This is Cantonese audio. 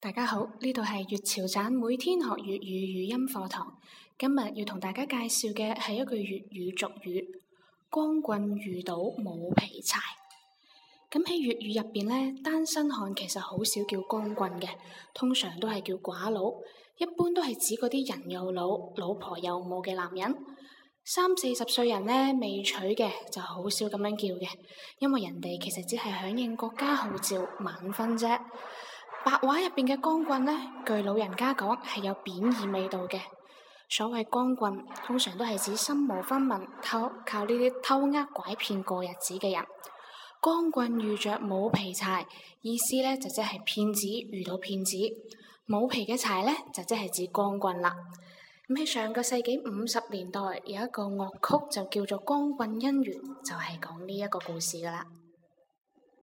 大家好，呢度係粵潮盞，每天學粵語語音課堂。今日要同大家介紹嘅係一句粵語俗語：光棍遇到冇皮柴。咁喺粵語入邊呢，單身漢其實好少叫光棍嘅，通常都係叫寡佬，一般都係指嗰啲人又老、老婆又冇嘅男人。三四十歲人呢，未娶嘅，就好少咁樣叫嘅，因為人哋其實只係響應國家號召晚婚啫。白話入邊嘅光棍呢，據老人家講係有貶義味道嘅。所謂光棍，通常都係指身無分文、偷靠呢啲偷呃拐騙過日子嘅人。光棍遇着冇皮柴，意思呢就即係騙子遇到騙子，冇皮嘅柴呢，就即係指光棍啦。咁喺上個世紀五十年代，有一個樂曲就叫做《光棍姻緣》，就係講呢一個故事噶啦。